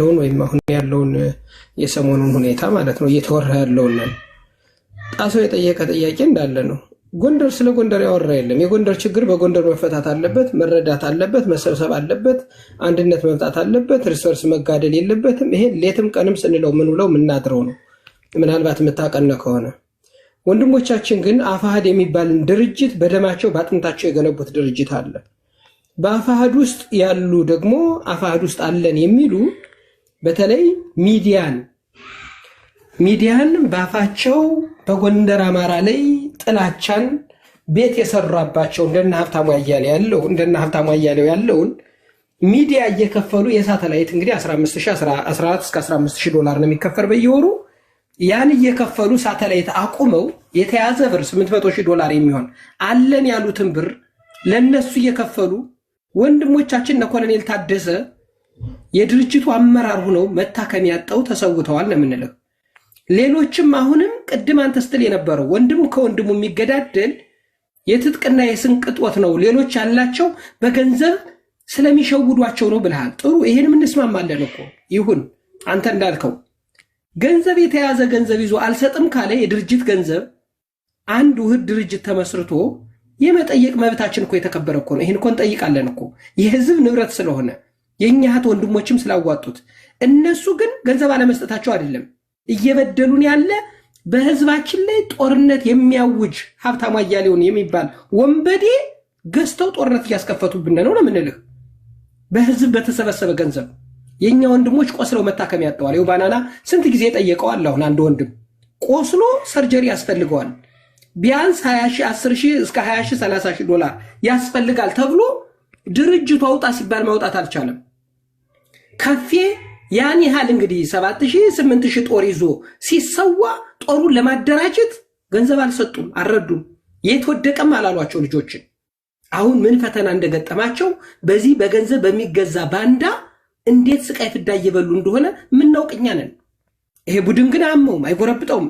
ያለውን ወይም አሁን ያለውን የሰሞኑን ሁኔታ ማለት ነው እየተወራ ያለውን ነው። ጣሶ የጠየቀ ጥያቄ እንዳለ ነው። ጎንደር ስለ ጎንደር ያወራ የለም። የጎንደር ችግር በጎንደር መፈታት አለበት፣ መረዳት አለበት፣ መሰብሰብ አለበት፣ አንድነት መምጣት አለበት፣ እርስ በርስ መጋደል የለበትም። ይሄ ሌትም ቀንም ስንለው ምን ውለው የምናድረው ነው። ምናልባት የምታቀነ ከሆነ ወንድሞቻችን ግን አፋሃድ የሚባልን ድርጅት በደማቸው በአጥንታቸው የገነቡት ድርጅት አለ። በአፋሃድ ውስጥ ያሉ ደግሞ አፋሃድ ውስጥ አለን የሚሉ በተለይ ሚዲያን ሚዲያን ባፋቸው በጎንደር አማራ ላይ ጥላቻን ቤት የሰራባቸው እንደነ ሀብታሙ አያሌ ያለው እንደና ሀብታሙ አያሌው ያለውን ሚዲያ እየከፈሉ የሳተላይት እንግዲህ 14 እስከ 15 ዶላር ነው የሚከፈል በየወሩ ያን እየከፈሉ ሳተላይት አቁመው የተያዘ ብር 800 ዶላር የሚሆን አለን ያሉትን ብር ለነሱ እየከፈሉ ወንድሞቻችን እነ ኮሎኔል ታደሰ የድርጅቱ አመራር ሆነው መታከም ያጣው ተሰውተዋል ነው የምንለው። ሌሎችም አሁንም ቅድም አንተ ስትል የነበረው ወንድሙ ከወንድሙ የሚገዳደል የትጥቅና የስንቅ እጦት ነው፣ ሌሎች ያላቸው በገንዘብ ስለሚሸውዷቸው ነው ብልሃል። ጥሩ ይሄንም እንስማማለን እኮ ይሁን። አንተ እንዳልከው ገንዘብ የተያዘ ገንዘብ ይዞ አልሰጥም ካለ የድርጅት ገንዘብ አንድ ውህድ ድርጅት ተመስርቶ የመጠየቅ መብታችን እኮ የተከበረ እኮ ነው። ይህን እኮ እንጠይቃለን እኮ የህዝብ ንብረት ስለሆነ የእኛ እህት ወንድሞችም ስላዋጡት እነሱ ግን ገንዘብ አለመስጠታቸው አይደለም እየበደሉን ያለ በህዝባችን ላይ ጦርነት የሚያውጅ ሀብታም አያሌውን የሚባል ወንበዴ ገዝተው ጦርነት እያስከፈቱብን ነው ለምንልህ በህዝብ በተሰበሰበ ገንዘብ የእኛ ወንድሞች ቆስለው መታከም ያጠዋል ይኸው ባናና ስንት ጊዜ ጠየቀዋል አሁን አንድ ወንድም ቆስሎ ሰርጀሪ ያስፈልገዋል ቢያንስ 20 10 እስከ 20 30 ዶላር ያስፈልጋል ተብሎ ድርጅቱ አውጣ ሲባል ማውጣት አልቻለም ከፌ ያን ያህል እንግዲህ ሰባት ሺህ ስምንት ሺህ ጦር ይዞ ሲሰዋ ጦሩን ለማደራጀት ገንዘብ አልሰጡም፣ አልረዱም። የት ወደቀም አላሏቸው ልጆችን። አሁን ምን ፈተና እንደገጠማቸው በዚህ በገንዘብ በሚገዛ ባንዳ እንዴት ስቃይ ፍዳ እየበሉ እንደሆነ ምናውቅኛ ነን። ይሄ ቡድን ግን አመውም አይጎረብጠውም።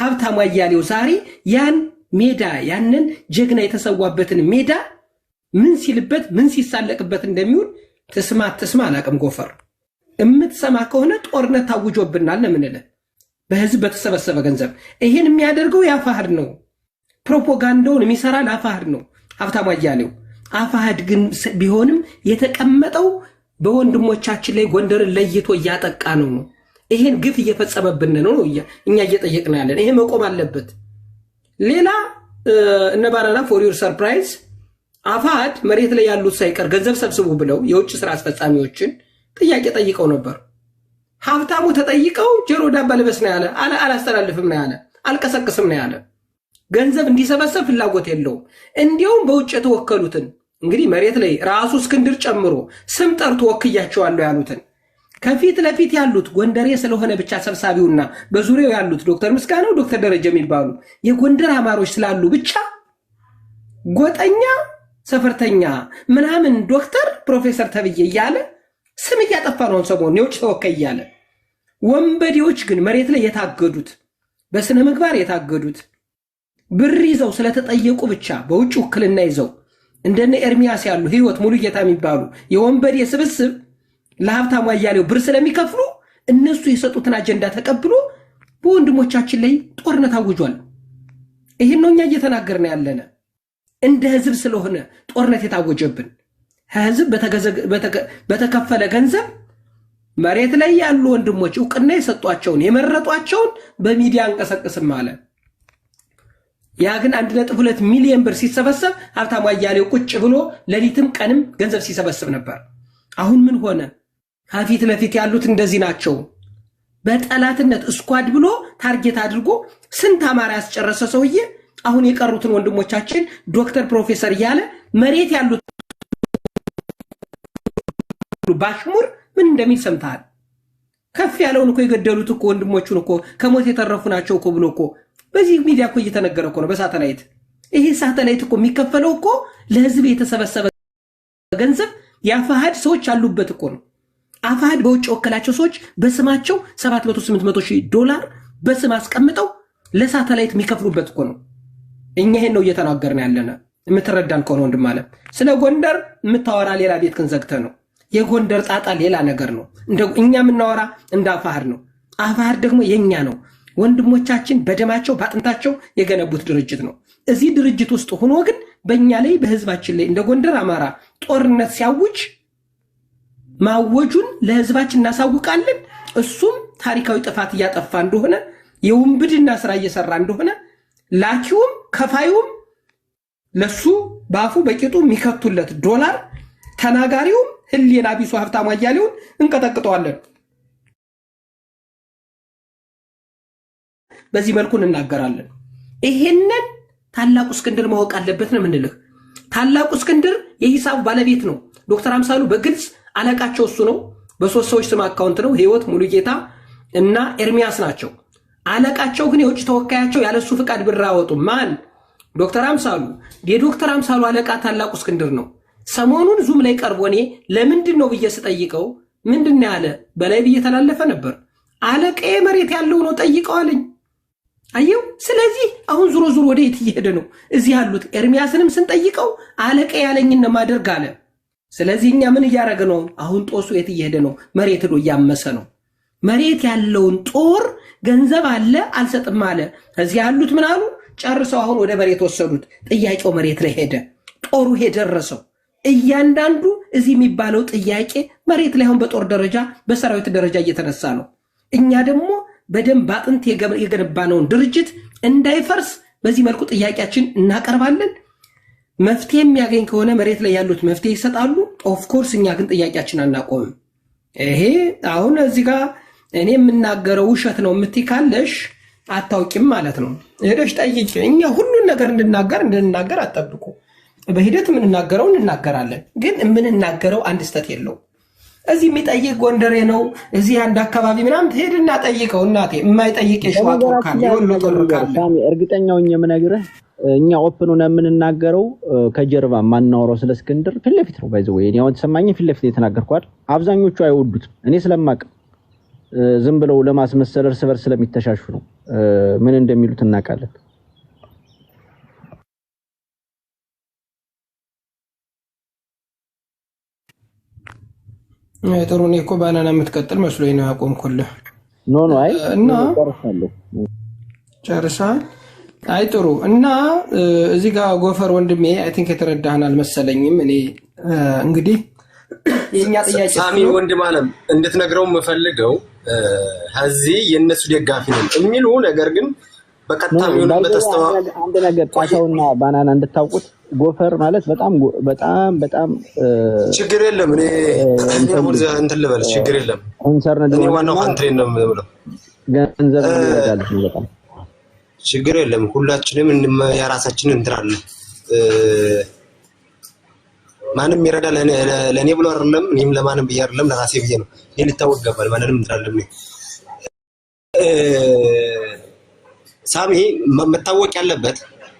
ሀብታሙ አያሌው ዛሬ ያን ሜዳ ያንን ጀግና የተሰዋበትን ሜዳ ምን ሲልበት ምን ሲሳለቅበት እንደሚውል ትስማ ትስማ አላቅም ጎፈር የምትሰማ ከሆነ ጦርነት ታውጆብናል ነው የምንልህ። በህዝብ በተሰበሰበ ገንዘብ ይሄን የሚያደርገው የአፋህድ ነው። ፕሮፓጋንዳውን የሚሰራ ለአፋህድ ነው። ሀብታሙ አያሌው አፋህድ ግን ቢሆንም የተቀመጠው በወንድሞቻችን ላይ ጎንደርን ለይቶ እያጠቃ ነው ነው ይሄን ግፍ እየፈጸመብን ነው ነው እኛ እየጠየቅን ያለን። ይሄ መቆም አለበት። ሌላ እነ ባናና ፎር ዩር ሰርፕራይዝ አፋድ መሬት ላይ ያሉት ሳይቀር ገንዘብ ሰብስቡ ብለው የውጭ ስራ አስፈጻሚዎችን ጥያቄ ጠይቀው ነበር። ሀብታሙ ተጠይቀው ጆሮ ዳባ ልበስ ነው ያለ፣ አላስተላልፍም ነው ያለ፣ አልቀሰቅስም ነው ያለ። ገንዘብ እንዲሰበሰብ ፍላጎት የለውም። እንዲያውም በውጭ የተወከሉትን እንግዲህ መሬት ላይ ራሱ እስክንድር ጨምሮ ስም ጠርቶ ወክያቸዋለሁ ያሉትን ከፊት ለፊት ያሉት ጎንደሬ ስለሆነ ብቻ ሰብሳቢውና በዙሪያው ያሉት ዶክተር ምስጋናው ዶክተር ደረጀ የሚባሉ የጎንደር አማሮች ስላሉ ብቻ ጎጠኛ ሰፈርተኛ ምናምን ዶክተር ፕሮፌሰር ተብዬ እያለ ስም እያጠፋ ነውን ሰሞኑን የውጭ ተወካይ እያለ። ወንበዴዎች ግን መሬት ላይ የታገዱት በስነ ምግባር የታገዱት ብር ይዘው ስለተጠየቁ ብቻ በውጭ ውክልና ይዘው እንደነ ኤርሚያስ ያሉ ህይወት ሙሉ ጌታ የሚባሉ የወንበዴ ስብስብ ለሀብታሙ አያሌው ብር ስለሚከፍሉ እነሱ የሰጡትን አጀንዳ ተቀብሎ በወንድሞቻችን ላይ ጦርነት አውጇል። ይህን ነው እኛ እየተናገርን ያለነ። እንደ ህዝብ ስለሆነ ጦርነት የታወጀብን ህዝብ በተከፈለ ገንዘብ መሬት ላይ ያሉ ወንድሞች እውቅና የሰጧቸውን የመረጧቸውን በሚዲያ አንቀሰቅስም አለ። ያ ግን አንድ ነጥብ ሁለት ሚሊዮን ብር ሲሰበሰብ ሀብታሙ አያሌው ቁጭ ብሎ ሌሊትም ቀንም ገንዘብ ሲሰበስብ ነበር። አሁን ምን ሆነ? ከፊት ለፊት ያሉት እንደዚህ ናቸው። በጠላትነት እስኳድ ብሎ ታርጌት አድርጎ ስንት አማራ ያስጨረሰ ሰውዬ አሁን የቀሩትን ወንድሞቻችን ዶክተር ፕሮፌሰር እያለ መሬት ያሉት ባሽሙር ምን እንደሚል ሰምተሃል? ከፍ ያለውን እኮ የገደሉት እኮ ወንድሞቹን እኮ ከሞት የተረፉ ናቸው እኮ ብሎ እኮ በዚህ ሚዲያ እኮ እየተነገረ እኮ ነው በሳተላይት። ይሄ ሳተላይት እኮ የሚከፈለው እኮ ለህዝብ የተሰበሰበ ገንዘብ የአፋሃድ ሰዎች ያሉበት እኮ ነው። አፋሃድ በውጭ ወከላቸው ሰዎች በስማቸው 700 ዶላር በስም አስቀምጠው ለሳተላይት የሚከፍሉበት እኮ ነው። እኛ ይሄን ነው እየተናገርን ያለነ የምትረዳን ከሆነ ወንድም አለ። ስለ ጎንደር የምታወራ ሌላ ቤት ክንዘግተ ነው። የጎንደር ጣጣ ሌላ ነገር ነው። እኛ የምናወራ እንደ አፋህር ነው። አፋህር ደግሞ የኛ ነው። ወንድሞቻችን በደማቸው በአጥንታቸው የገነቡት ድርጅት ነው። እዚህ ድርጅት ውስጥ ሆኖ ግን በእኛ ላይ በህዝባችን ላይ እንደ ጎንደር አማራ ጦርነት ሲያውጅ ማወጁን ለህዝባችን እናሳውቃለን። እሱም ታሪካዊ ጥፋት እያጠፋ እንደሆነ የውንብድና ስራ እየሰራ እንደሆነ ላኪውም ከፋዩም ለሱ በአፉ በቂጡ የሚከቱለት ዶላር ተናጋሪውም ህሊና ቢሱ ሀብታ አያሌውን እንቀጠቅጠዋለን። በዚህ መልኩ እንናገራለን። ይሄንን ታላቁ እስክንድር ማወቅ አለበት ነው የምንልህ። ታላቁ እስክንድር የሂሳቡ ባለቤት ነው። ዶክተር አምሳሉ በግልጽ አለቃቸው እሱ ነው። በሶስት ሰዎች ስም አካውንት ነው። ህይወት ሙሉጌታ እና ኤርሚያስ ናቸው። አለቃቸው ግን የውጭ ተወካያቸው ያለሱ ፍቃድ ብር አወጡ። ማን? ዶክተር አምሳሉ። የዶክተር አምሳሉ አለቃ ታላቁ እስክንድር ነው። ሰሞኑን ዙም ላይ ቀርቦ እኔ ለምንድን ነው ብዬ ስጠይቀው ምንድን ያለ በላይ ብዬ ተላለፈ ነበር። አለቃዬ መሬት ያለው ነው ጠይቀዋልኝ። አየው። ስለዚህ አሁን ዙሮ ዙሮ ወደ የት እየሄደ ነው? እዚህ ያሉት ኤርሚያስንም ስንጠይቀው አለቀ ያለኝን ማደርግ አለ። ስለዚህ እኛ ምን እያደረገ ነው? አሁን ጦሱ የት እየሄደ ነው? መሬት ዶ እያመሰ ነው። መሬት ያለውን ጦር ገንዘብ አለ አልሰጥም አለ። እዚህ ያሉት ምን አሉ? ጨርሰው አሁን ወደ መሬት ወሰዱት። ጥያቄው መሬት ላይ ሄደ። ጦሩ የደረሰው እያንዳንዱ እዚህ የሚባለው ጥያቄ መሬት ላይ አሁን በጦር ደረጃ በሰራዊት ደረጃ እየተነሳ ነው። እኛ ደግሞ በደንብ አጥንት የገነባነውን ድርጅት እንዳይፈርስ በዚህ መልኩ ጥያቄያችን እናቀርባለን። መፍትሄ የሚያገኝ ከሆነ መሬት ላይ ያሉት መፍትሄ ይሰጣሉ። ኦፍኮርስ እኛ ግን ጥያቄያችን አናቆምም። ይሄ አሁን እዚህ ጋር እኔ የምናገረው ውሸት ነው የምትይ ካለሽ አታውቂም ማለት ነው። ሄደሽ ጠይቂ። እኛ ሁሉን ነገር እንድናገር እንድንናገር አጠብቁ። በሂደት የምንናገረው እንናገራለን፣ ግን የምንናገረው አንድ ስተት የለው። እዚህ የሚጠይቅ ጎንደሬ ነው፣ እዚህ አንድ አካባቢ ምናምን ሄድና ጠይቀው። እናቴ የማይጠይቅ የሸዋ ጦር የምነግርህ እኛ ኦፕን ሆነ የምንናገረው ከጀርባ ማናወራው ስለ እስክንድር ፊት ለፊት ነው። ባይዘወ ሁን ተሰማኝ ፊት ለፊት የተናገርኳል። አብዛኞቹ አይወዱትም እኔ ስለማቅም ዝም ብለው ለማስመሰል እርስ በርስ ስለሚተሻሹ ነው። ምን እንደሚሉት እናውቃለን። ጥሩ እኔ እኮ ባናና የምትቀጥል መስሎኝ ነው ያቆምኩልህ። ኖ ኖ አይ እና ጨርሰሃል። አይ ጥሩ እና እዚህ ጋር ጎፈር ወንድሜ አይ ቲንክ የተረዳህን አልመሰለኝም። እኔ እንግዲህ የእኛ ጥያቄ ሳሚ ወንድም አለም እንድትነግረው የምፈልገው ከዚህ የእነሱ ደጋፊ ነን የሚሉ ነገር ግን በቀጥታ ሆነ በተስተዋ አንድ ነገር ጣሳውና ባናና እንድታውቁት ጎፈር ማለት በጣም በጣም በጣም ችግር የለም። እኔ እንትን ልበል ችግር የለም። ኮንሰርን እኔ ዋናው ካንትሬን ነው የምለው። ገንዘብ ይረዳል። በጣም ችግር የለም። ሁላችንም የራሳችን እንትራለን ማንም ይረዳ ለእኔ ብሎ አይደለም፣ እኔም ለማንም ብዬ አይደለም፣ ለራሴ ብዬ ነው። ይህ ሊታወቅ ይገባል። ማንንም እንትናለም ሳሚ መታወቅ ያለበት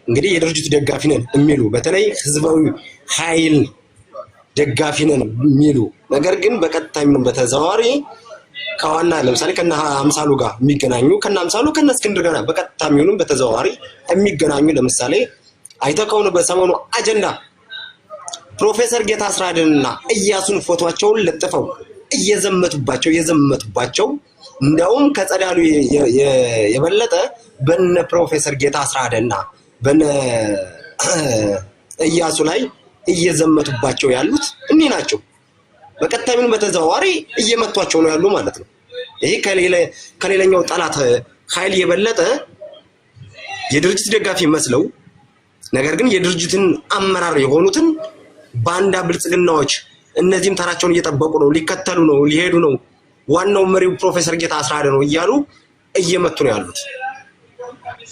እንግዲህ የድርጅቱ ደጋፊ ነን የሚሉ በተለይ ህዝባዊ ኃይል ደጋፊ ነን የሚሉ ነገር ግን በቀጥታ የሚሆን በተዘዋዋሪ ከዋና ለምሳሌ ከነ አምሳሉ ጋር የሚገናኙ ከነ አምሳሉ ከነ እስክንድር ጋር በቀጥታ የሚሆኑም በተዘዋዋሪ የሚገናኙ ለምሳሌ አይተህ ከሆነ በሰሞኑ አጀንዳ ፕሮፌሰር ጌታ አስራደንና እያሱን ፎቶቸውን ለጥፈው እየዘመቱባቸው እየዘመቱባቸው እንዲያውም ከጸዳሉ የበለጠ በነ ፕሮፌሰር ጌታ አስራደና በነ እያሱ ላይ እየዘመቱባቸው ያሉት እኒህ ናቸው። በቀጥታም በተዘዋዋሪ እየመቷቸው ነው ያሉ ማለት ነው። ይሄ ከሌላኛው ጠላት ኃይል የበለጠ የድርጅት ደጋፊ መስለው ነገር ግን የድርጅትን አመራር የሆኑትን ባንዳ ብልጽግናዎች እነዚህም ተራቸውን እየጠበቁ ነው፣ ሊከተሉ ነው፣ ሊሄዱ ነው፣ ዋናው መሪው ፕሮፌሰር ጌታ አስራደ ነው እያሉ እየመቱ ነው ያሉት።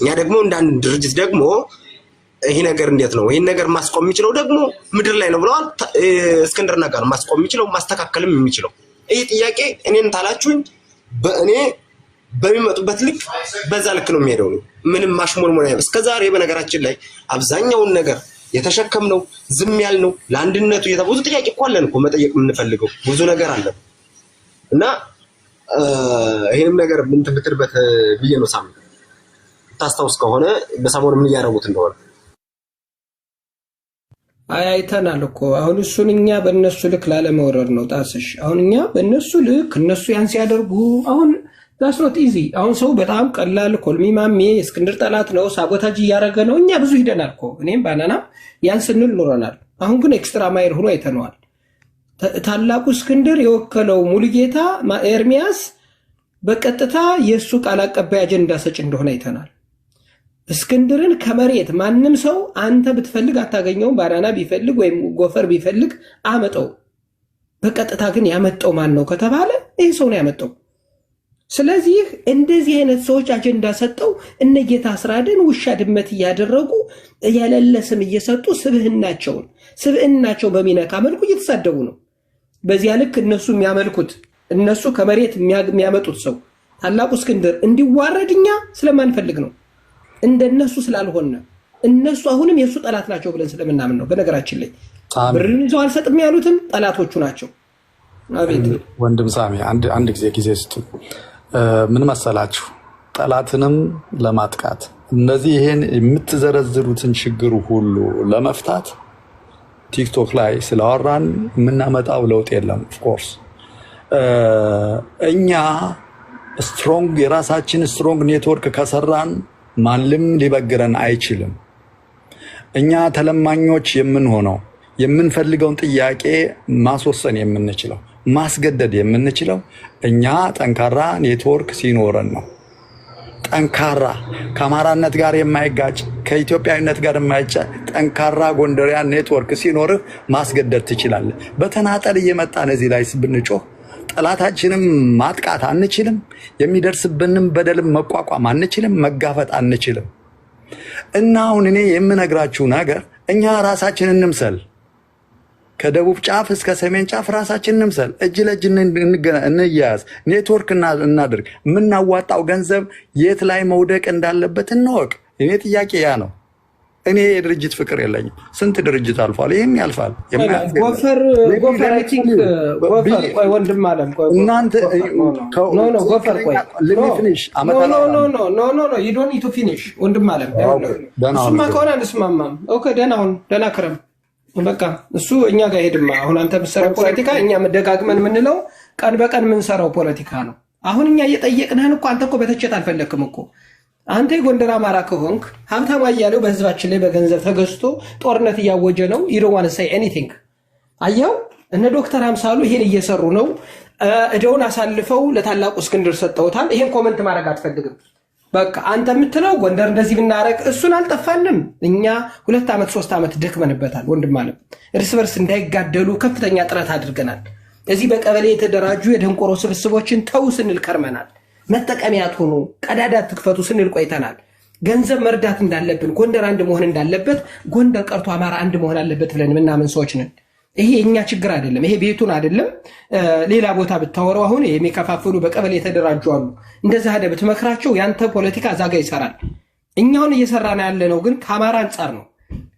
እኛ ደግሞ እንደ አንድ ድርጅት ደግሞ ይሄ ነገር እንዴት ነው? ይሄን ነገር ማስቆም የሚችለው ደግሞ ምድር ላይ ነው ብለዋል። እስክንድር ነጋ ነው ማስቆም የሚችለው ማስተካከልም የሚችለው። ይህ ጥያቄ እኔን ታላችሁኝ፣ በእኔ በሚመጡበት ልክ በዛ ልክ ነው የሚሄደው። ምንም ማሽሞንሞን እስከዛሬ በነገራችን ላይ አብዛኛውን ነገር የተሸከምነው ዝም ያልነው ለአንድነቱ ብዙ ጥያቄ እኮ አለን እኮ መጠየቅ የምንፈልገው ብዙ ነገር አለ። እና ይህንም ነገር ምን ትምትልበት ብዬ ነው። ሳምንት ታስታውስ ከሆነ በሰሞን ምን እያደረጉት እንደሆነ አይ አይተናል እኮ አሁን እሱን እኛ በእነሱ ልክ ላለመውረድ ነው። ጣስሽ አሁን እኛ በእነሱ ልክ እነሱ ያን ሲያደርጉ አሁን ዳስኖት ኢዚ አሁን ሰው በጣም ቀላል ኮልሚ ማሜ እስክንድር ጠላት ነው ሳቦታጅ እያደረገ ነው። እኛ ብዙ ሂደናል እኮ እኔም ባናና ያን ስንል ኖረናል። አሁን ግን ኤክስትራ ማይል ሆኖ አይተነዋል። ታላቁ እስክንድር የወከለው ሙሉጌታ ኤርሚያስ በቀጥታ የእሱ ቃል አቀባይ አጀንዳ ሰጭ እንደሆነ አይተናል። እስክንድርን ከመሬት ማንም ሰው አንተ ብትፈልግ አታገኘውም። ባናና ቢፈልግ ወይም ጎፈር ቢፈልግ አመጠው። በቀጥታ ግን ያመጣው ማን ነው ከተባለ ይህ ሰው ነው ያመጣው። ስለዚህ እንደዚህ አይነት ሰዎች አጀንዳ ሰጠው እነ ጌታ ስራደን ውሻ ድመት እያደረጉ የሌለ ስም እየሰጡ ስብህናቸውን ስብህናቸውን በሚነካ መልኩ እየተሳደቡ ነው። በዚያ ልክ እነሱ የሚያመልኩት እነሱ ከመሬት የሚያመጡት ሰው ታላቁ እስክንድር እንዲዋረድ እኛ ስለማንፈልግ ነው። እንደነሱ ስላልሆነ እነሱ አሁንም የእሱ ጠላት ናቸው ብለን ስለምናምን ነው። በነገራችን ላይ ብርን ይዘው አልሰጥም ያሉትም ጠላቶቹ ናቸው። አቤት ወንድም ሳሚ አንድ ጊዜ ጊዜ ስጡ ምን መሰላችሁ ጠላትንም ለማጥቃት እነዚህ ይሄን የምትዘረዝሩትን ችግር ሁሉ ለመፍታት ቲክቶክ ላይ ስለወራን የምናመጣው ለውጥ የለም። ኦፍኮርስ እኛ ስትሮንግ የራሳችን ስትሮንግ ኔትወርክ ከሰራን ማንም ሊበግረን አይችልም። እኛ ተለማኞች የምንሆነው የምንፈልገውን ጥያቄ ማስወሰን የምንችለው ማስገደድ የምንችለው እኛ ጠንካራ ኔትወርክ ሲኖረን ነው። ጠንካራ ከአማራነት ጋር የማይጋጭ ከኢትዮጵያዊነት ጋር የማይጨ ጠንካራ ጎንደሪያን ኔትወርክ ሲኖርህ ማስገደድ ትችላለህ። በተናጠል እየመጣን እዚህ ላይ ብንጮህ ጠላታችንም ማጥቃት አንችልም። የሚደርስብንም በደልም መቋቋም አንችልም። መጋፈጥ አንችልም እና አሁን እኔ የምነግራችሁ ነገር እኛ ራሳችን እንምሰል ከደቡብ ጫፍ እስከ ሰሜን ጫፍ ራሳችን እንምሰል፣ እጅ ለእጅ እንያያዝ፣ ኔትወርክ እናድርግ። የምናዋጣው ገንዘብ የት ላይ መውደቅ እንዳለበት እንወቅ። እኔ ጥያቄ ያ ነው። እኔ የድርጅት ፍቅር የለኝም። ስንት ድርጅት አልፏል፣ ይህም ያልፋል። ወንድም አለም ከሆነ አንስማማም። ደህና ሁን፣ ደህና ክረም በቃ እሱ እኛ ጋር ሄድማ። አሁን አንተ የምትሰራው ፖለቲካ እኛ መደጋግመን የምንለው ቀን በቀን የምንሰራው ፖለቲካ ነው። አሁን እኛ እየጠየቅንህን እኮ አንተ እኮ በተቸት አልፈለክም እኮ አንተ የጎንደር አማራ ከሆንክ ሀብታም አያሌው በህዝባችን ላይ በገንዘብ ተገዝቶ ጦርነት እያወጀ ነው። ይሮዋን ሳይ ኤኒቲንግ አያው እነ ዶክተር አምሳሉ ይሄን እየሰሩ ነው። እደውን አሳልፈው ለታላቁ እስክንድር ሰጠውታል። ይሄን ኮመንት ማድረግ አትፈልግም። በቃ አንተ የምትለው ጎንደር እንደዚህ ብናረግ እሱን አልጠፋንም። እኛ ሁለት ዓመት ሶስት ዓመት ደክመንበታል። ወንድም አለም እርስ በርስ እንዳይጋደሉ ከፍተኛ ጥረት አድርገናል። እዚህ በቀበሌ የተደራጁ የደንቆሮ ስብስቦችን ተው ስንል ከርመናል። መጠቀሚያ አትሆኑ፣ ቀዳዳ ትክፈቱ ስንል ቆይተናል። ገንዘብ መርዳት እንዳለብን፣ ጎንደር አንድ መሆን እንዳለበት፣ ጎንደር ቀርቶ አማራ አንድ መሆን አለበት ብለን ምናምን ሰዎች ነን። ይሄ እኛ ችግር አይደለም። ይሄ ቤቱን አይደለም ሌላ ቦታ ብታወረው አሁን የሚከፋፍሉ በቀበሌ የተደራጁ አሉ። እንደዛ ሄደህ ብትመክራቸው ያንተ ፖለቲካ እዛ ጋ ይሰራል። ነው እየሰራን ነው፣ ግን ከአማራ አንጻር ነው።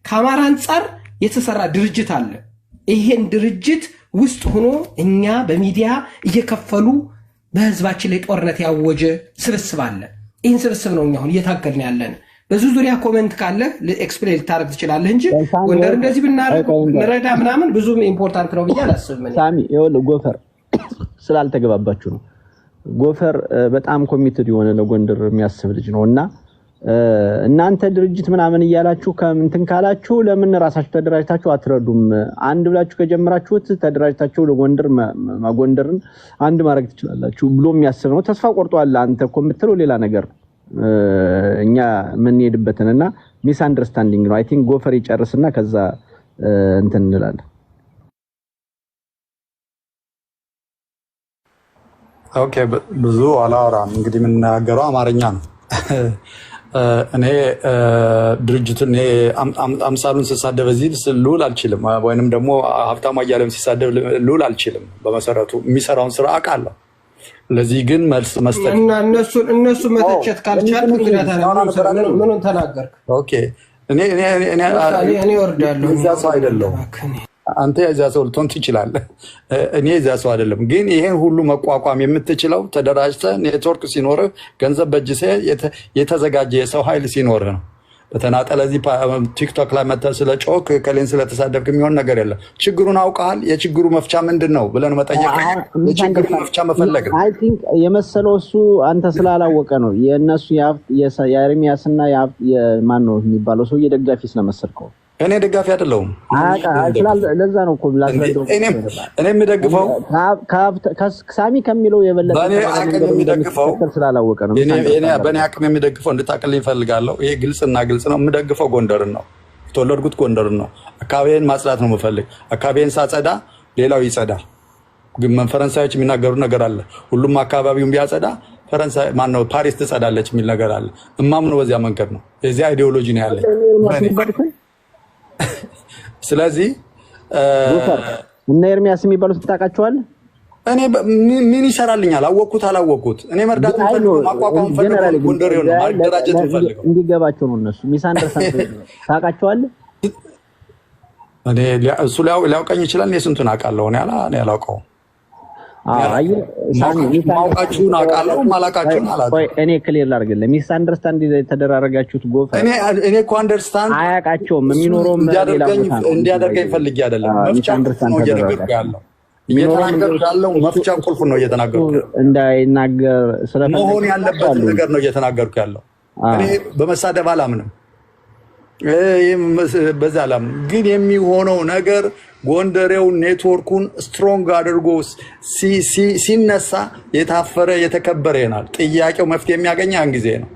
ከአማራ አንጻር የተሰራ ድርጅት አለ። ይሄን ድርጅት ውስጥ ሆኖ እኛ በሚዲያ እየከፈሉ በህዝባችን ላይ ጦርነት ያወጀ ስብስብ አለ። ይህን ስብስብ ነው እኛ አሁን እየታገልን ያለን። በዙ ዙሪያ ኮመንት ካለ ኤክስፕሌን ልታደርግ ትችላለህ እንጂ ጎንደር እንደዚህ ብናደርግ ረዳ ምናምን ብዙም ኢምፖርታንት ነው ብዬ አላስብም። ሳሚ ይኸውልህ ጎፈር ስላልተገባባችሁ ነው። ጎፈር በጣም ኮሚትድ የሆነ ለጎንደር የሚያስብ ልጅ ነው እና እናንተ ድርጅት ምናምን እያላችሁ ከምንትን ካላችሁ ለምን ራሳችሁ ተደራጅታችሁ አትረዱም? አንድ ብላችሁ ከጀመራችሁት ተደራጅታችሁ ለጎንደር ጎንደርን አንድ ማድረግ ትችላላችሁ ብሎ የሚያስብ ነው። ተስፋ ቆርጧል። አንተ እኮ የምትለው ሌላ ነገር ነው። እኛ የምንሄድበትን እና ሚስ አንደርስታንዲንግ ነው። አይ ቲንክ ጎፈር ይጨርስና ከዛ እንትን እንላለን። ኦኬ፣ ብዙ አላወራም። እንግዲህ የምናገረው አማርኛ ነው። እኔ ድርጅቱን እኔ አምሳሉን ስሳደብ እዚህ ልውል አልችልም፣ ወይንም ደግሞ ሀብታሙ አያሌውን ሲሳደብ ልውል አልችልም። በመሰረቱ የሚሰራውን ስራ አውቃለሁ። ለዚህ ግን መልስ መስጠት እና እነሱን እነሱ መተቸት ካልቻል ምክንያት ምኑን ተናገርክ? ኦኬ ሰው አይደለሁም። አንተ የዚያ ሰው ልትሆን ትችላለህ። እኔ የዚያ ሰው አይደለም። ግን ይሄን ሁሉ መቋቋም የምትችለው ተደራጅተህ ኔትወርክ ሲኖርህ፣ ገንዘብ በእጅ የተዘጋጀ የሰው ኃይል ሲኖርህ ነው። በተናጠለ እዚህ ቲክቶክ ላይ መተህ ስለ ጮክ ከሌን ስለተሳደብክ የሚሆን ነገር የለም። ችግሩን አውቀሃል። የችግሩ መፍቻ ምንድን ነው ብለን መጠየቅ፣ የችግሩ መፍቻ መፈለግ ነው። የመሰለው እሱ አንተ ስላላወቀ ነው። የእነሱ የኤርሚያስና ማን ነው የሚባለው ሰው የደጋፊ ስለመሰልከው እኔ ደጋፊ አይደለሁም። ለዛ ነው እኮ እኔ የሚደግፈው ሳሚ ከሚለው የበለጠ በእኔ አቅም የሚደግፈው እንድታቅል ይፈልጋለሁ። ይሄ ግልጽና ግልጽ ነው። የምደግፈው ጎንደርን ነው። የተወለድኩት ጎንደርን ነው። አካባቢን ማጽዳት ነው የምፈልግ። አካባቢን ሳጸዳ ሌላው ይጸዳ። ፈረንሳዮች የሚናገሩ ነገር አለ። ሁሉም አካባቢውን ቢያጸዳ ፈረንሳይ ማነው ፓሪስ ትጸዳለች የሚል ነገር አለ። እማምነው በዚያ መንገድ ነው። የዚያ አይዲዮሎጂ ነው ያለኝ ስለዚህ እና ኤርሚያስ የሚባሉት ታውቃቸዋለህ? እኔ ምን ይሰራልኛል? አወቅኩት አላወቅኩት፣ እኔ መርዳት ማቋቋም ፈልገው ጎንደሬ ነው ማደራጀት ፈልገው እንዲገባቸው ነው። እነሱ ሚስ እሱ ሊያውቀኝ ይችላል። እኔ ስንቱን አውቃለሁ፣ እኔ አላውቀውም። ማውቃችሁን አውቃለሁ፣ ማላቃችሁን አላውቅም። እኔ ክሊር ላድርግልህ። ሚስ አንደርስታንድ የተደራረጋችሁት ጎፍ እኔ እኮ አንደርስታንድ አያውቃቸውም። የሚኖረውም እንዲያደርገኝ ፈልጌ አይደለም። መፍቻ እየተናገርኩ ያለው መፍቻ ቁልፍ ነው እየተናገርኩ እንዳይናገር መሆን ያለበት ነገር ነው እየተናገርኩ ያለው። እኔ በመሳደብ አላምንም፣ በዛ አላምንም። ግን የሚሆነው ነገር ጎንደሬው ኔትወርኩን ስትሮንግ አድርጎ ሲነሳ የታፈረ የተከበረ ይሆናል። ጥያቄው መፍትሄ የሚያገኝ ያን ጊዜ ነው።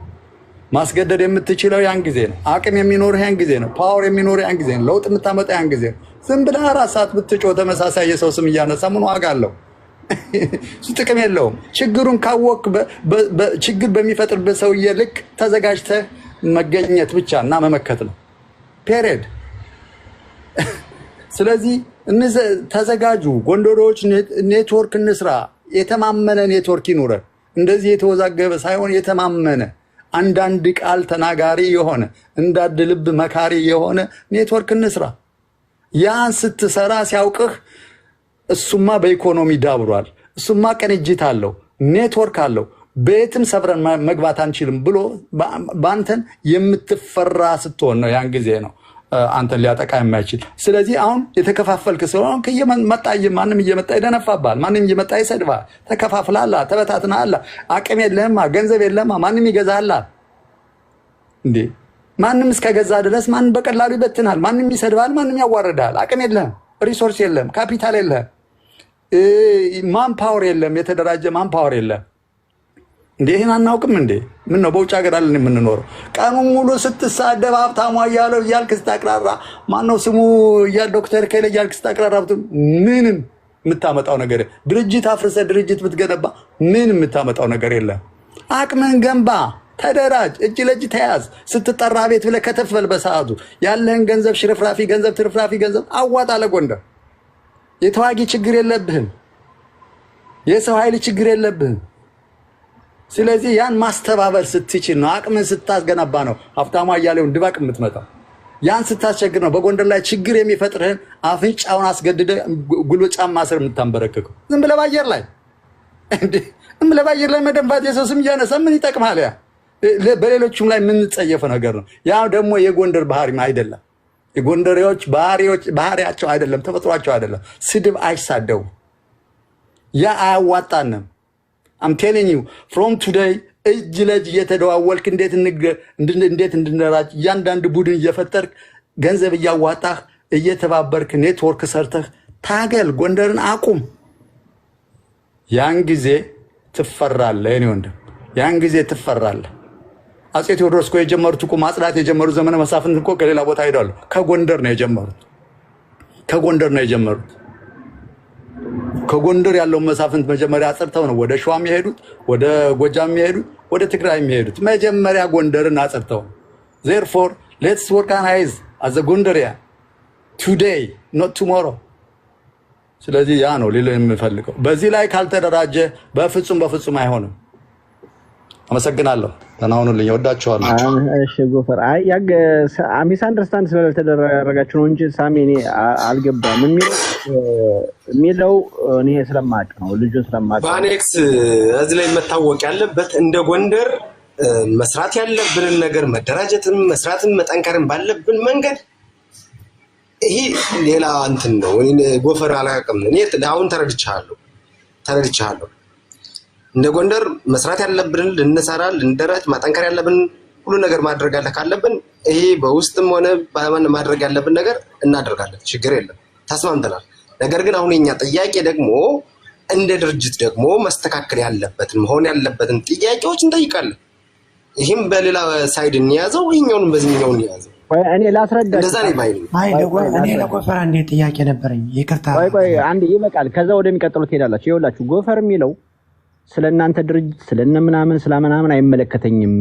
ማስገደድ የምትችለው ያን ጊዜ ነው። አቅም የሚኖር ያን ጊዜ ነው። ፓወር የሚኖር ያን ጊዜ ነው። ለውጥ የምታመጣ ያን ጊዜ ነው። ዝም ብለህ አራት ሰዓት ብትጮ ተመሳሳይ የሰው ስም እያነሳ ምን ዋጋ አለው? እሱ ጥቅም የለውም። ችግሩን ካወቅ ችግር በሚፈጥርበት ሰውዬ ልክ ተዘጋጅተህ መገኘት ብቻ እና መመከት ነው። ፔሬድ ስለዚህ ተዘጋጁ፣ ጎንደሮች፣ ኔትወርክ እንስራ። የተማመነ ኔትወርክ ይኑረን። እንደዚህ የተወዛገበ ሳይሆን የተማመነ አንዳንድ ቃል ተናጋሪ የሆነ እንዳንድ ልብ መካሪ የሆነ ኔትወርክ እንስራ። ያን ስትሰራ ሲያውቅህ እሱማ በኢኮኖሚ ዳብሯል፣ እሱማ ቅንጅት አለው፣ ኔትወርክ አለው፣ በየትም ሰብረን መግባት አንችልም ብሎ በአንተን የምትፈራ ስትሆን ነው ያን ጊዜ ነው አንተን ሊያጠቃ የማይችል ስለዚህ አሁን የተከፋፈልክ ስለሆን መጣ ማንም እየመጣ ይደነፋብሃል። ማንም እየመጣ ይሰድብሃል። ተከፋፍላላ፣ ተበታትናላ፣ አቅም የለህማ፣ ገንዘብ የለህማ። ማንም ይገዛላ እንዴ? ማንም እስከገዛ ድረስ ማን በቀላሉ ይበትናል። ማንም ይሰድባል። ማንም ያዋርዳል። አቅም የለህም፣ ሪሶርስ የለህም፣ ካፒታል የለህም፣ ማን ፓወር የለም፣ የተደራጀ ማን ፓወር የለም። እንዴ ይህን አናውቅም እንዴ? ምን ነው በውጭ ሀገር አለን የምንኖረው? ቀኑ ሙሉ ስትሳደብ ሀብታሙ እያለው እያልክ ስታቅራራ፣ ማነው ስሙ እያል ዶክተር ከለ እያልክ ስታቅራራ፣ ምንም የምታመጣው ነገር ድርጅት አፍርሰ ድርጅት ብትገነባ ምን የምታመጣው ነገር የለም። አቅምን ገንባ፣ ተደራጅ፣ እጅ ለእጅ ተያዝ። ስትጠራ ቤት ብለህ ከተፍ በሰዓቱ ያለህን ገንዘብ ሽርፍራፊ ገንዘብ ትርፍራፊ ገንዘብ አዋጣ ለጎንደር። የተዋጊ ችግር የለብህም። የሰው ኃይል ችግር የለብህም። ስለዚህ ያን ማስተባበር ስትችል ነው፣ አቅምን ስታስገነባ ነው ሀብታሙ አያሌውን ድባቅ የምትመጣው። ያን ስታስቸግር ነው በጎንደር ላይ ችግር የሚፈጥርህን አፍንጫውን አስገድደ ጉልበት ጫማ ስር የምታንበረክከው። ዝም ብለህ ባየር ላይ ዝም ብለህ በአየር ላይ መደንባት የሰው ስም እያነሳ ምን ይጠቅማል? ያ በሌሎችም ላይ የምንጸየፈ ነገር ነው። ያ ደግሞ የጎንደር ባህሪ አይደለም። የጎንደሬዎች ባህሪያቸው አይደለም፣ ተፈጥሯቸው አይደለም። ስድብ አይሳደቡ። ያ አያዋጣንም። አምቴልኝ ፍሮም ቱደይ እጅ ለእጅ እየተደዋወልክ እንዴት እንድንደራጅ እያንዳንድ ቡድን እየፈጠርክ ገንዘብ እያዋጣህ እየተባበርክ ኔትወርክ ሰርተህ ታገል፣ ጎንደርን አቁም። ያን ጊዜ ትፈራለ የኔ ወንድም፣ ያን ጊዜ ትፈራለ። አፄ ቴዎድሮስ እኮ የጀመሩት እኮ ማጽዳት የጀመሩ ዘመነ መሳፍንት እኮ ከሌላ ቦታ ሄዳሉ። ከጎንደር ነው የጀመሩት፣ ከጎንደር ነው የጀመሩት። ከጎንደር ያለው መሳፍንት መጀመሪያ አጽርተው ነው ወደ ሸዋ የሚሄዱት፣ ወደ ጎጃም የሚሄዱት፣ ወደ ትግራይ የሚሄዱት። መጀመሪያ ጎንደርን አጽርተው ነው። ዜርፎር ሌትስ ወርካናይዝ አዘ ጎንደሪያ ቱዴይ ኖት ቱሞሮ። ስለዚህ ያ ነው ሌላ የምፈልገው። በዚህ ላይ ካልተደራጀ በፍጹም በፍጹም አይሆንም። አመሰግናለሁ። ተናውኑልኝ። ወዳችኋለሁ። እሺ ጎፈር ሚስ አንደርስታንድ ስለተደረጋችሁ ነው እንጂ ሳሚ እኔ አልገባም የሚለው እኔ ስለማቅ ነው ልጁ ስለማቅ በአኔክስ እዚህ ላይ መታወቅ ያለበት እንደ ጎንደር መስራት ያለብንን ነገር መደራጀትን መስራትን መጠንከርን ባለብን መንገድ ይሄ ሌላ እንትን ነው። ጎፈር አላውቅም አሁን ተረድቻለሁ ተረድቻለሁ እንደ ጎንደር መስራት ያለብን ልንሰራ ልንደራጅ ማጠንከር ያለብን ሁሉ ነገር ማድረግ ያለ ካለብን ይሄ በውስጥም ሆነ በማን ማድረግ ያለብን ነገር እናደርጋለን። ችግር የለም፣ ተስማምተናል። ነገር ግን አሁን የኛ ጥያቄ ደግሞ እንደ ድርጅት ደግሞ መስተካከል ያለበትን መሆን ያለበትን ጥያቄዎች እንጠይቃለን። ይህም በሌላ ሳይድ እንያዘው፣ ይኛውን በዚህኛውን እንያዘው። እኔ ላስረዳእኔ ለጎፈር አንዴ ጥያቄ ነበረኝ። ይቅርታ፣ አንዴ ይበቃል። ከዛ ወደሚቀጥሉት ትሄዳላችሁ። ይኸውላችሁ ጎፈር የሚለው ስለ እናንተ ድርጅት ስለ እነ ምናምን ስለ ምናምን አይመለከተኝም።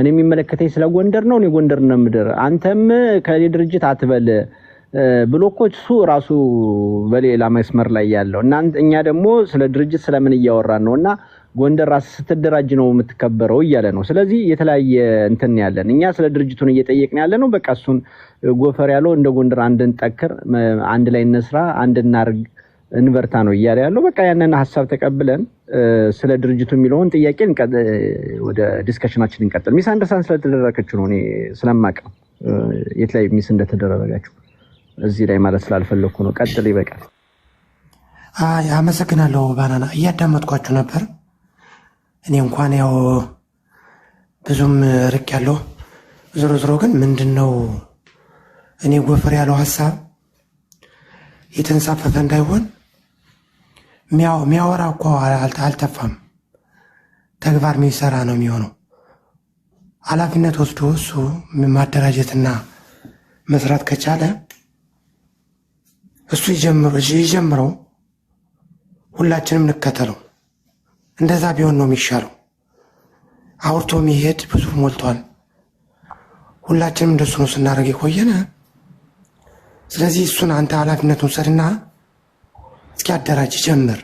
እኔ የሚመለከተኝ ስለ ጎንደር ነው። እኔ ጎንደር ነው ምድር፣ አንተም ከሌ ድርጅት አትበል ብሎ እኮ እሱ ራሱ በሌላ መስመር ላይ ያለው እኛ ደግሞ ስለ ድርጅት ስለምን እያወራን ነው? እና ጎንደር ራስ ስትደራጅ ነው የምትከበረው እያለ ነው። ስለዚህ የተለያየ እንትን ያለን እኛ ስለ ድርጅቱን እየጠየቅን ያለ ነው። በቃ እሱን ጎፈር ያለው እንደ ጎንደር አንድን ጠክር፣ አንድ ላይ እንስራ፣ አንድ እናርግ እንበርታ ነው እያለ ያለው። በቃ ያንን ሀሳብ ተቀብለን ስለ ድርጅቱ የሚለውን ጥያቄ ወደ ዲስከሽናችን እንቀጥል። ሚስ አንደሳን ስለተደረገችው ነው እኔ ስለማውቀው የት ላይ ሚስ እንደተደረገችው እዚህ ላይ ማለት ስላልፈለግኩ ነው። ቀጥል፣ ይበቃል። አመሰግናለሁ። ባናና እያዳመጥኳችሁ ነበር። እኔ እንኳን ያው ብዙም ርቅ ያለው ዞሮ ዞሮ ግን ምንድን ነው እኔ ጎፈር ያለው ሀሳብ የተንሳፈፈ እንዳይሆን የሚያወራ እኮ አልጠፋም። ተግባር የሚሰራ ነው የሚሆነው። ኃላፊነት ወስዶ እሱ ማደራጀትና መስራት ከቻለ እሱ ይጀምረው፣ ሁላችንም እንከተለው። እንደዛ ቢሆን ነው የሚሻለው። አውርቶ የሚሄድ ብዙ ሞልቷል። ሁላችንም እንደሱ ነው ስናደርግ የቆየነ። ስለዚህ እሱን አንተ ኃላፊነት ውሰድና እስኪ አደራጅ ጀምር።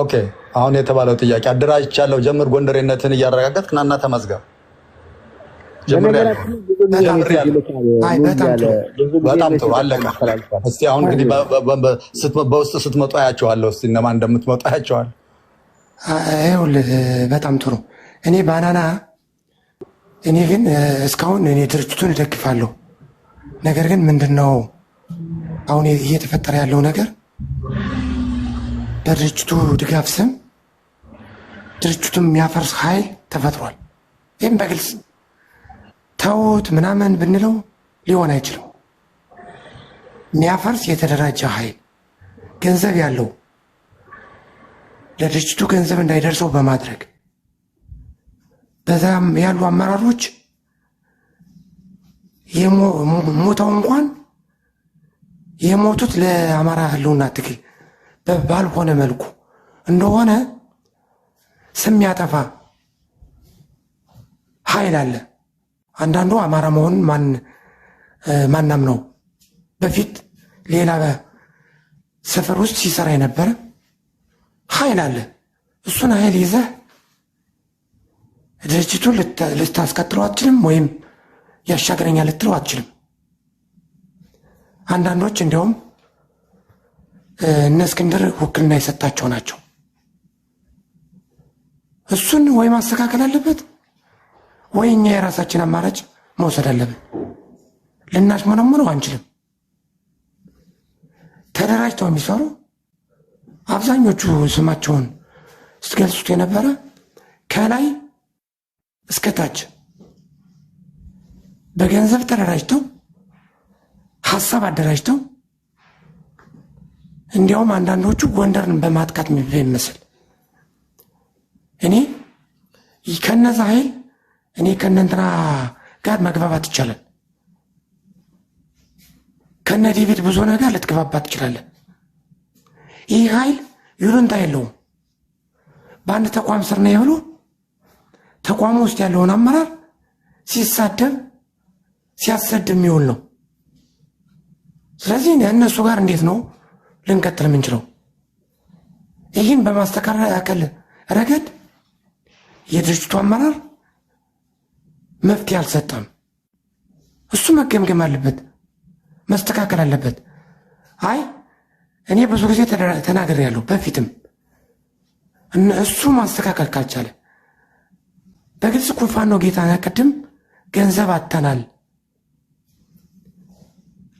ኦኬ አሁን የተባለው ጥያቄ ቻለው ጀምር፣ ጎንደሬነትን እያረጋገጥክ ናና ተመዝገብ። በጣም ጥሩ አለቀ። እስቲ አሁን እንግዲህ በውስጥ ስትመጡ አያቸዋለሁ። እስቲ እነማን እንደምትመጡ አያቸዋለሁ። ይኸውልህ በጣም ጥሩ። እኔ ባናና እኔ ግን እስካሁን እኔ ድርጅቱን እደግፋለሁ። ነገር ግን ምንድን ነው አሁን እየተፈጠረ ያለው ነገር በድርጅቱ ድጋፍ ስም ድርጅቱን የሚያፈርስ ኃይል ተፈጥሯል። ይህም በግልጽ ተውት ምናምን ብንለው ሊሆን አይችልም። የሚያፈርስ የተደራጀ ኃይል ገንዘብ ያለው ለድርጅቱ ገንዘብ እንዳይደርሰው በማድረግ በዛም ያሉ አመራሮች ሞተው እንኳን የሞቱት ለአማራ ህልውና ትግል ባልሆነ መልኩ እንደሆነ ስም ኃይል አለ። አንዳንዱ አማራ መሆኑን ማናም ነው። በፊት ሌላ ሰፈር ውስጥ ሲሰራ የነበረ ኃይል አለ። እሱን ኃይል ይዘህ ድርጅቱን ልታስቀጥለው አትችልም፣ ወይም ያሻገረኛ ልትለው አትችልም። አንዳንዶች እንዲያውም እነ እስክንድር ውክልና የሰጣቸው ናቸው። እሱን ወይ ማስተካከል አለበት ወይ እኛ የራሳችን አማራጭ መውሰድ አለብን። ልናሽመነምነው አንችልም። ተደራጅተው የሚሰሩ አብዛኞቹ ስማቸውን ስትገልጹት የነበረ ከላይ እስከ ታች በገንዘብ ተደራጅተው ሀሳብ አደራጅተው እንዲያውም አንዳንዶቹ ጎንደርን በማጥቃት ይመስል እኔ ከነዛ ኃይል እኔ ከነንትና ጋር መግባባት ይቻላል። ከነ ዴቪድ ብዙ ነገር ልትግባባት ትችላለን። ይህ ኃይል ይሉንታ የለውም። በአንድ ተቋም ስር ነው የብሎ ተቋሙ ውስጥ ያለውን አመራር ሲሳደብ ሲያሰድብ የሚውል ነው። ስለዚህ እነሱ ጋር እንዴት ነው ልንቀጥል የምንችለው። ይህን በማስተካከል ረገድ የድርጅቱ አመራር መፍትሄ አልሰጠም። እሱ መገምገም አለበት፣ መስተካከል አለበት። አይ እኔ ብዙ ጊዜ ተናግሬያለሁ በፊትም እሱ ማስተካከል ካልቻለ በግልጽ ኩፋኖ ጌታነህ ቅድም ገንዘብ አተናል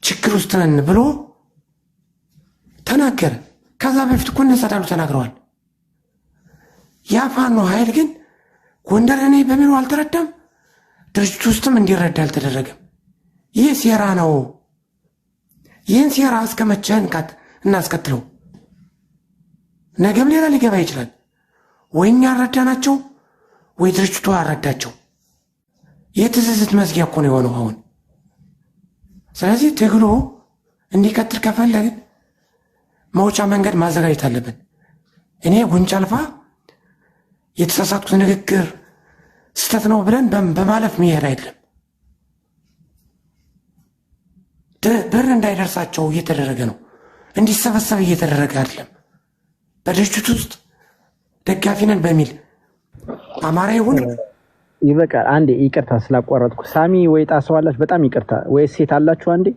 ችግር ውስጥ ነን ብሎ ተናገረ። ከዛ በፊት እኮ እነ ጸዳሉ ተናግረዋል። የፋኖ ኃይል ግን ጎንደር እኔ በሚሉ አልተረዳም፣ ድርጅቱ ውስጥም እንዲረዳ አልተደረገም። ይህ ሴራ ነው። ይህን ሴራ እስከ መቼ ካት እናስቀጥለው? ነገም ሌላ ሊገባ ይችላል። ወይ እኛ አልረዳናቸው፣ ወይ ድርጅቱ አረዳቸው የትዝዝት መዝጊያ እኮ ነው የሆነው አሁን። ስለዚህ ትግሉ እንዲቀጥል ከፈለግን መውጫ መንገድ ማዘጋጀት አለብን። እኔ ጉንጭ አልፋ የተሳሳትኩት ንግግር ስተት ነው ብለን በማለፍ መሄድ አይደለም። ብር እንዳይደርሳቸው እየተደረገ ነው፣ እንዲሰበሰብ እየተደረገ አይደለም። በድርጅት ውስጥ ደጋፊነን በሚል አማራ ይሁን ይበቃል። አንዴ ይቅርታ ስላቋረጥኩ ሳሚ፣ ወይ ጣሰዋላችሁ፣ በጣም ይቅርታ። ወይ ሴት አላችሁ አንዴ